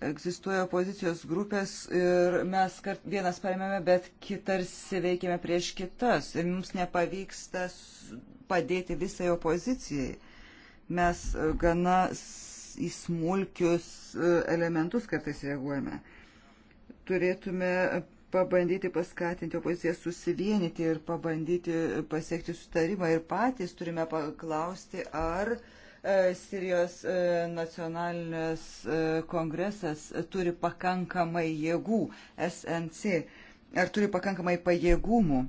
egzistuoja opozicijos grupės ir mes kart, vienas paremėme, bet kitarsi veikėme prieš kitas ir mums nepavyksta padėti visai opozicijai. Mes e, gana į smulkius e, elementus kartais reaguojame. Turėtume pabandyti paskatinti opoziciją susivienyti ir pabandyti pasiekti sutarimą ir patys turime paklausti, ar uh, E, Sirijos e, nacionalinės e, kongresas turi pakankamai jėgų, SNC, ar turi pakankamai pajėgumų.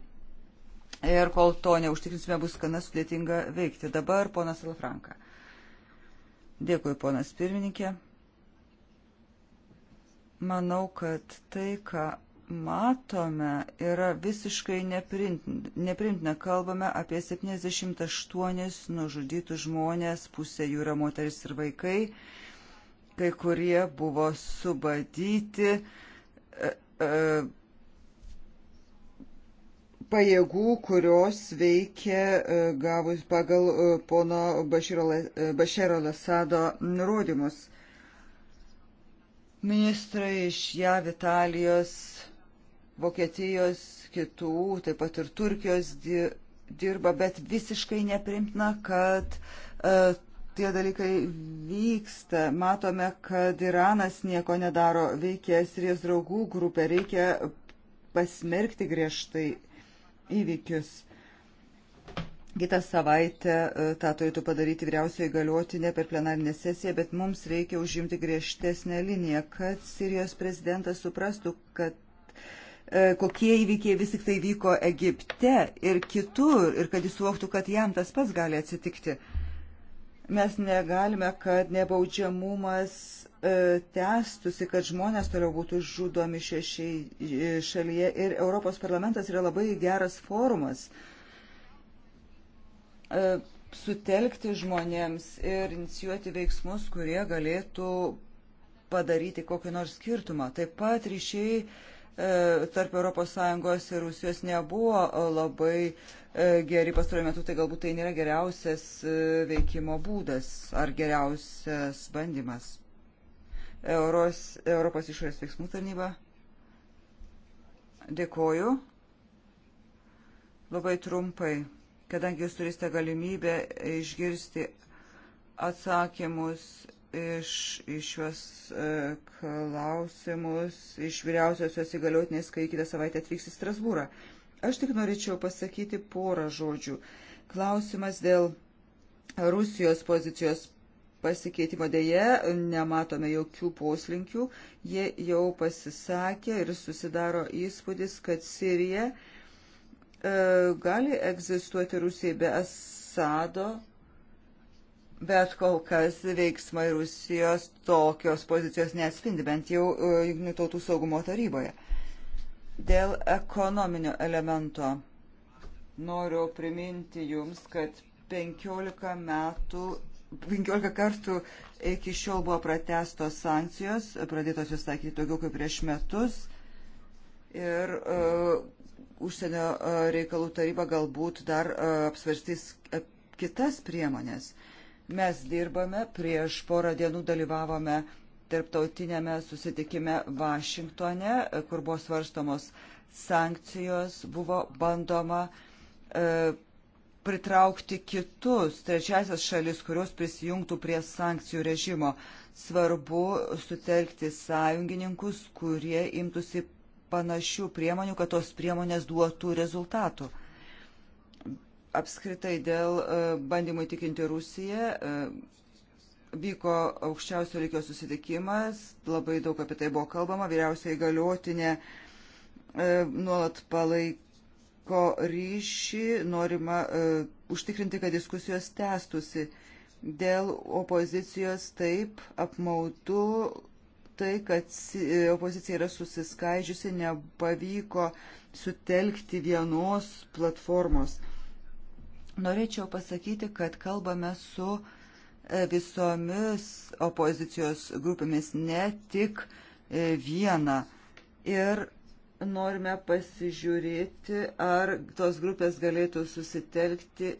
Ir kol to neužtikrinsime, bus gana sudėtinga veikti. Dabar ponas Alfranka. Dėkui, ponas pirmininkė. Manau, kad tai, ką matome, yra visiškai neprimtina. Kalbame apie 78 nužudytų žmonės, pusė jų yra moteris ir vaikai, kai kurie buvo subadyti e, e, pajėgų, kurios veikia e, gavus pagal e, pono e, Bašero Lasado nurodymus. Ministrai iš JAV, Italijos, Vokietijos, kitų, taip pat ir Turkijos dirba, bet visiškai neprimtina, kad uh, tie dalykai vyksta. Matome, kad Iranas nieko nedaro, veikia Sirijos draugų grupė, reikia pasmerkti griežtai įvykius. Kitą savaitę e, tą turėtų padaryti vyriausioji galiotinė per plenarinę sesiją, bet mums reikia užimti griežtesnę liniją, kad Sirijos prezidentas suprastų, kad E, kokie įvykiai vis tik tai vyko Egipte ir kitur, ir kad jis suvoktų, kad jam tas pats gali atsitikti. Mes negalime, kad nebaudžiamumas e, tęstusi, kad žmonės toliau būtų žudomi šešiai e, šalyje ir Europos parlamentas yra labai geras forumas e, sutelkti žmonėms ir inicijuoti veiksmus, kurie galėtų padaryti kokį nors skirtumą. Taip pat ryšiai E, tarp ES ir Rusijos nebuvo e, labai e, geri pastaruoju metu, tai galbūt tai nėra geriausias veikimo būdas ar geriausias bandymas. Euros, Europos išorės veiksmų tarnyba. Dėkoju. Labai trumpai, kadangi jūs turite galimybę išgirsti atsakymus iš, iš šios e, klausimus, iš vyriausiosios įgaliotinės, kai kitą savaitę atvyks į Strasbūrą. Aš tik norėčiau pasakyti porą žodžių. Klausimas dėl Rusijos pozicijos pasikeitimo dėje, nematome jokių poslinkių, jie jau pasisakė ir susidaro įspūdis, kad Sirija e, gali egzistuoti Rusijai be Asado Bet kol kas veiksmai Rusijos tokios pozicijos neatspindi, bent jau e, Junktinių tautų saugumo taryboje. Dėl ekonominio elemento noriu priminti jums, kad 15 metų 15 kartų iki šiol buvo pratestos sankcijos, pradėtos jūs sakyti daugiau kaip prieš metus. Ir uh, užsienio e, reikalų taryba galbūt dar uh, apsvarstys kitas priemonės. Uh, Mes dirbame, prieš porą dienų dalyvavome tarptautinėme susitikime Vašingtone, kur buvo svarstamos sankcijos, buvo bandoma e, pritraukti kitus trečiasias šalis, kurios prisijungtų prie sankcijų režimo. Svarbu sutelkti sąjungininkus, kurie imtųsi panašių priemonių, kad tos priemonės duotų rezultatų apskritai dėl e, bandymų įtikinti Rusiją e, vyko aukščiausio lygio susitikimas, labai daug apie tai buvo kalbama, vyriausiai galiotinė e, nuolat palaiko ryšį, norima e, užtikrinti, kad diskusijos tęstusi. Dėl opozicijos taip apmautų tai, kad e, opozicija yra susiskaidžiusi, nepavyko sutelkti vienos platformos. Norėčiau pasakyti, kad kalbame su e, visomis opozicijos grupėmis, ne tik e, vieną. Ir norime pasižiūrėti, ar tos grupės galėtų susitelkti,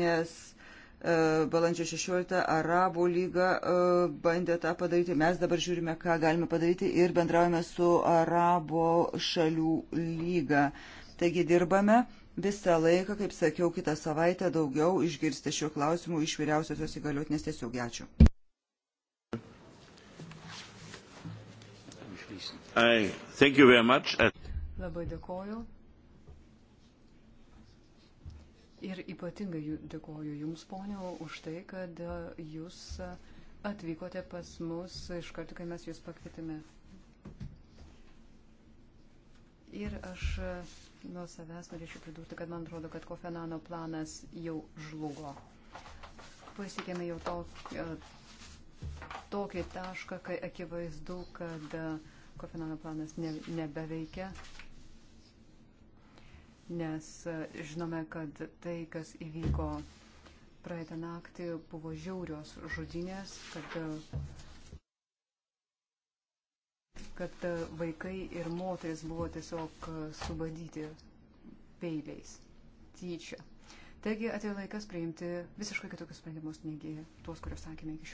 nes e, balandžio 16 Arabų lyga bandė tą padaryti. Mes dabar žiūrime, ką galime padaryti ir bendraujame su Arabo šalių lyga. Taigi dirbame visą laiką, kaip sakiau, kitą savaitę daugiau išgirsti šiuo klausimu iš vyriausiosios įgaliotinės tiesiog. Ačiū. Labai dėkoju. Ir ypatingai dėkoju Jums, ponio, už tai, kad uh, Jūs atvykote pas mus iš karto, kai mes Jūs pakvietėme. Ir aš e, nuo savęs norėčiau pridurti, kad man atrodo, kad Kofenano planas jau žlugo. Pasiekėme jau tokį, e, tokį tašką, kai akivaizdu, kad e, Kofenano planas ne, nebeveikia, nes žinome, kad tai, kas įvyko praeitą naktį, buvo žiaurios žudinės, kad kad e, vaikai ir moteris buvo tiesiog e, subadyti peiliais tyčia. Taigi atėjo laikas priimti visiškai kitokius sprendimus negi tuos, kuriuos sakėme iki šiol.